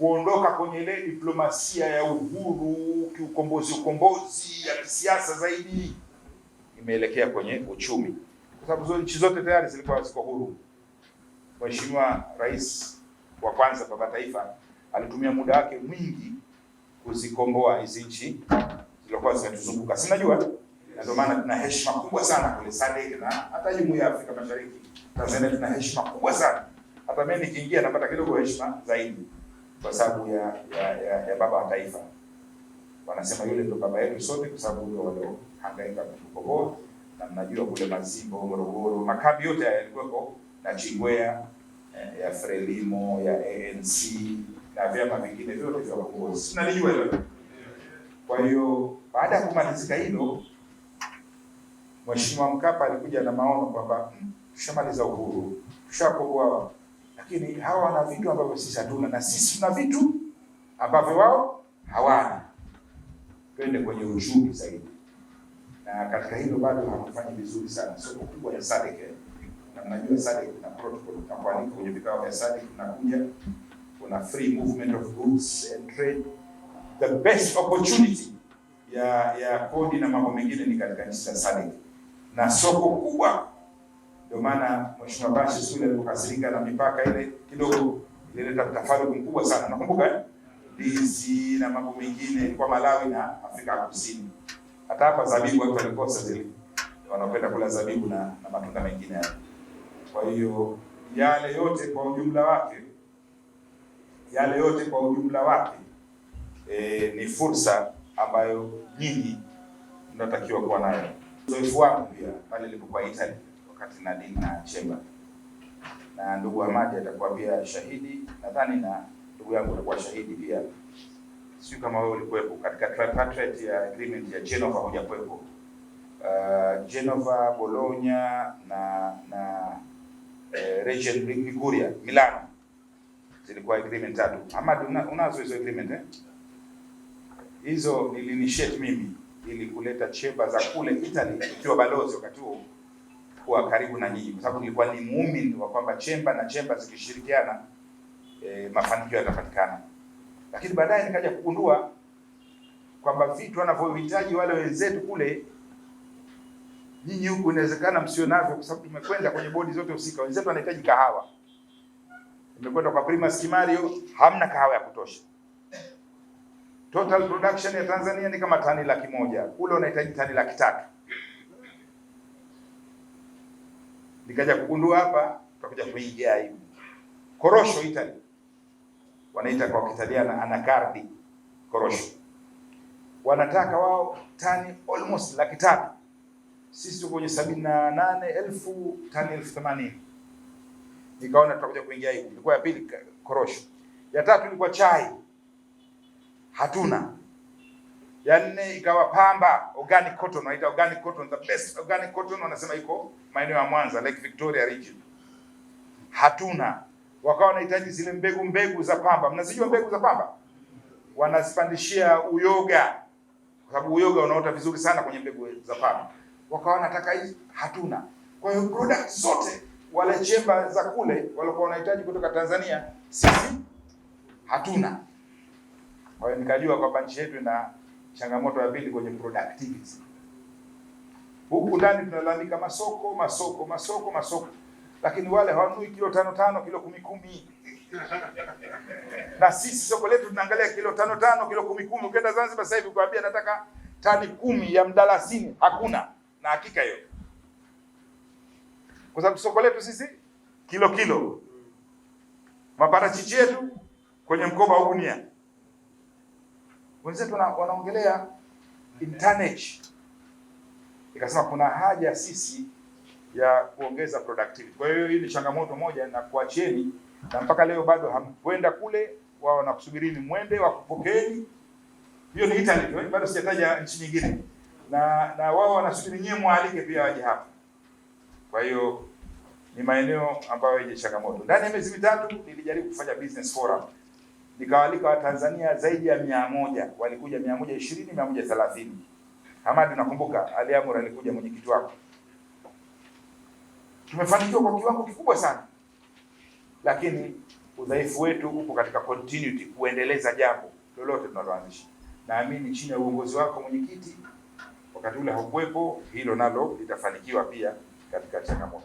kuondoka kwenye ile diplomasia ya uhuru kiukombozi, ukombozi ya kisiasa zaidi, imeelekea kwenye uchumi, kwa sababu nchi zote tayari zilikuwa ziko huru. Mheshimiwa Rais wa kwanza baba taifa alitumia muda wake mwingi kuzikomboa hizi nchi zilizokuwa zinatuzunguka. Si najua ndio maana tuna heshima kubwa sana kule SADC na hata jumuiya ya Afrika Mashariki. Tanzania tuna heshima kubwa sana, hata mimi nikiingia napata kidogo heshima zaidi kwa sababu ya, ya, ya, ya baba wa taifa. Wanasema yule ndio baba yetu sote, kwa sababu ndio waliohangaika kutukomboa, na mnajua kule Mazimbo, Morogoro, makambi yote yalikuweko na Chingwea eh, ya Frelimo ya ANC na vyama vingine vyote vya uongozi tunalijua hilo. Kwa hiyo baada ya kumalizika hilo, Mheshimiwa Mkapa alikuja na maono kwamba hmm, tushamaliza uhuru, tushakomboa lakini hawa wana vitu ambavyo sisi hatuna, na sisi tuna vitu ambavyo wao hawana. Twende kwenye uchumi zaidi, na katika hilo bado hatufanyi vizuri sana. Soko kubwa ya SADC na mnajua SADC na protocol kampani, kwenye vikao vya SADC tunakuja, kuna free movement of goods and trade. The best opportunity ya ya kodi na mambo mengine ni katika nchi za SADC na soko kubwa ndio maana Mheshimiwa Bashe Sule alipokasirika na mipaka ile kidogo ilileta tafaruku mkubwa sana. Nakumbuka ndizi na mambo mengine kwa Malawi na Afrika Kusini. Hata hapa zabibu watu walikosa zile. Wanapenda kula zabibu na, na matunda mengine yale. Kwa hiyo yale yote kwa ujumla wake yale yote kwa ujumla wake e, ni fursa ambayo nyinyi mnatakiwa kuwa nayo. Uzoefu wako pia pale ilipokuwa Italy kati na na Chemba, na ndugu Hamadi atakuwa pia shahidi, nadhani na ndugu yangu atakuwa shahidi pia. Sio kama wewe ulikuwepo katika tripartite ya agreement ya Genova, hujakuwepo. Uh, Genova, Bologna na na eh, region Liguria, Milano zilikuwa agreement tatu. Hamadi, unazo una hizo agreement eh? Hizo nilinishate mimi ili kuleta chemba za kule Italy ikiwa balozi wakati huo kuwa karibu na nyinyi, kwa sababu nilikuwa ni muumini wa kwamba chemba na chemba zikishirikiana e, mafanikio yatapatikana. Lakini baadaye nikaja kugundua kwamba vitu wanavyohitaji wale wenzetu kule, nyinyi huku inawezekana msio navyo, kwa sababu tumekwenda kwenye bodi zote husika. Wenzetu wanahitaji kahawa, Tumekwenda kwa Primus Kimario, hamna kahawa ya kutosha. Total production ya Tanzania ni kama tani laki moja, kule unahitaji tani laki tatu. nikaja kugundua hapa, tutakuja kuingia hivi korosho Italy, wanaita kwa Kitaliana anacardi korosho. Wanataka wao tani almost laki tatu, sisi tuko kwenye sabini na nane elfu tani elfu themanini. Nikaona tutakuja kuingia hivi. Ilikuwa ya pili korosho, ya tatu ilikuwa chai, hatuna ya nne ikawa pamba organic cotton, wanaita organic cotton, the best organic cotton wanasema iko maeneo ya Mwanza Lake Victoria region. Hatuna, wakawa wanahitaji zile mbegu mbegu za pamba. Mnazijua mbegu za pamba? Wanazipandishia uyoga, kwa sababu uyoga unaota vizuri sana kwenye mbegu za pamba. Wakawa wanataka hizi, hatuna. Kwa hiyo product zote wale chemba za kule walikuwa wanahitaji kutoka Tanzania, sisi hatuna. Kwa hiyo nikajua kwamba nchi yetu ina Changamoto ya pili kwenye productivity, huku ndani tunalalamika masoko masoko masoko masoko, lakini wale hawanui kilo tano tano kilo kumi kumi na sisi soko letu tunaangalia kilo tano tano kilo kumi kumi. Ukienda Zanzibar sasa hivi kuambia nataka tani kumi ya mdalasini hakuna, na hakika hiyo, kwa sababu soko letu sisi kilo kilo, maparachichi yetu kwenye mkoba wa gunia wenzetu wanaongelea internet, ikasema kuna haja sisi ya kuongeza productivity. Kwa hiyo hii ni changamoto moja na kuacheni, na mpaka leo bado hamkwenda kule, wao wanakusubirini mwende wakupokeeni. Hiyo ni Italy, bado sijataja nchi nyingine, na na wao wanasubiri nyewe mwalike pia waje hapa. Kwa hiyo ni maeneo ambayo yenye changamoto. Ndani ya miezi mitatu nilijaribu kufanya business forum nikawaalika Watanzania zaidi ya mia moja walikuja, mia moja ishirini mia moja thelathini Hamadi, nakumbuka Aliamur alikuja mwenyekiti wako. Tumefanikiwa kwa kiwango kikubwa sana, lakini udhaifu wetu upo katika continuity, kuendeleza jambo lolote tunaloanzisha. Naamini chini ya uongozi wako mwenyekiti, wakati ule haukuwepo, hilo nalo litafanikiwa pia katika changamoto